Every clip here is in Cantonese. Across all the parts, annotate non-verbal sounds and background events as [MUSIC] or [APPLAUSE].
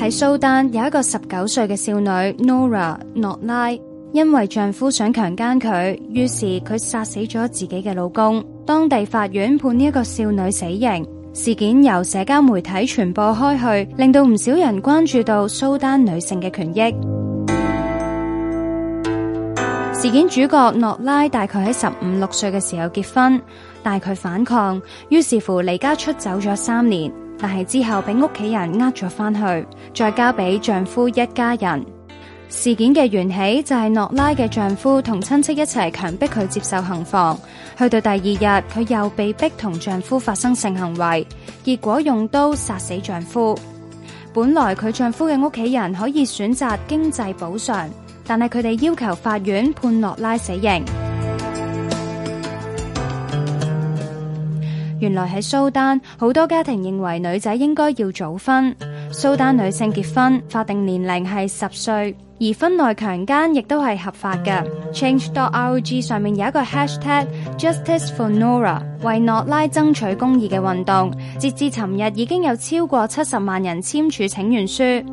喺蘇丹有一個十九歲嘅少女 Nora 諾拉，ie, 因為丈夫想強姦佢，於是佢殺死咗自己嘅老公。當地法院判呢一個少女死刑。事件由社交媒體傳播開去，令到唔少人關注到蘇丹女性嘅權益。 [MUSIC] 事件主角諾拉大概喺十五六歲嘅時候結婚，但佢反抗，於是乎離家出走咗三年。但係之後俾屋企人呃咗翻去，再交俾丈夫一家人。事件嘅緣起就係諾拉嘅丈夫同親戚一齊強迫佢接受行房，去到第二日佢又被逼同丈夫發生性行為，結果用刀殺死丈夫。本來佢丈夫嘅屋企人可以選擇經濟補償，但係佢哋要求法院判諾拉死刑。原來喺蘇丹，好多家庭認為女仔應該要早婚。蘇丹女性結婚法定年齡係十歲，而婚內強姦亦都係合法嘅。 [NOISE] Change.org 上面有一個 hashtag Justice for Nora 為諾拉爭取公義嘅運動，截至尋日已經有超過七十萬人簽署請願書。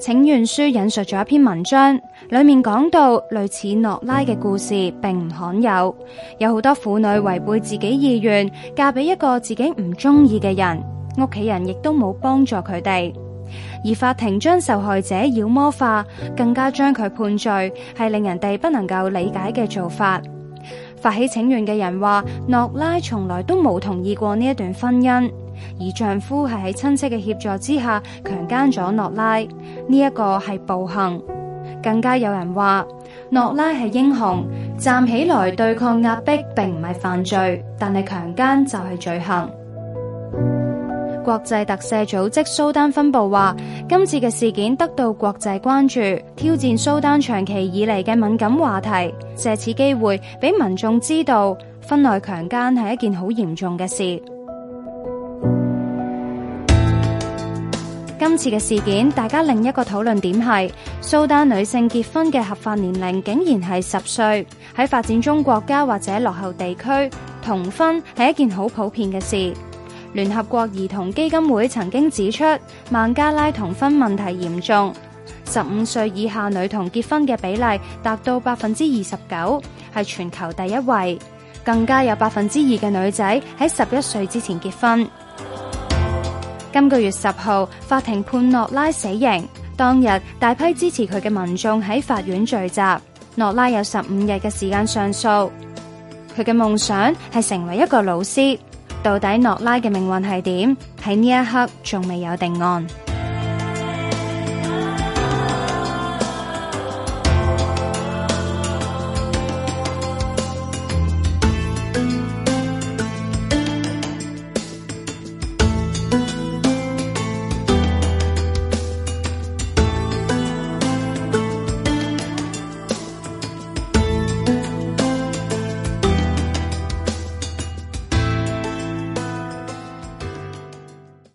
請願書引述咗一篇文章，裏面講到類似諾拉嘅故事並唔罕有，有好多婦女違背自己意願嫁俾一個自己唔中意嘅人，屋企人亦都冇幫助佢哋，而法庭將受害者妖魔化，更加將佢判罪，係令人哋不能夠理解嘅做法。發起請願嘅人話：諾拉從來都冇同意過呢一段婚姻。而丈夫係喺親戚嘅協助之下強姦咗諾拉，呢一個係暴行。更加有人話諾拉係英雄，站起來對抗壓迫，並唔係犯罪，但係強姦就係罪行。國際特赦組織蘇丹分部話，今次嘅事件得到國際關注，挑戰蘇丹長期以嚟嘅敏感話題，借此機會俾民眾知道婚內強姦係一件好嚴重嘅事。今次嘅事件，大家另一個討論點係蘇丹女性結婚嘅合法年齡竟然係十歲。喺發展中國家或者落後地區，童婚係一件好普遍嘅事。聯合國兒童基金會曾經指出，孟加拉童婚問題嚴重，十五歲以下女童結婚嘅比例達到百分之二十九，係全球第一位。更加有百分之二嘅女仔喺十一歲之前結婚。今個月十號，法庭判諾拉死刑。當日，大批支持佢嘅民眾喺法院聚集。諾拉有十五日嘅時間上訴。佢嘅夢想係成為一個老師。到底諾拉嘅命運係點？喺呢一刻仲未有定案。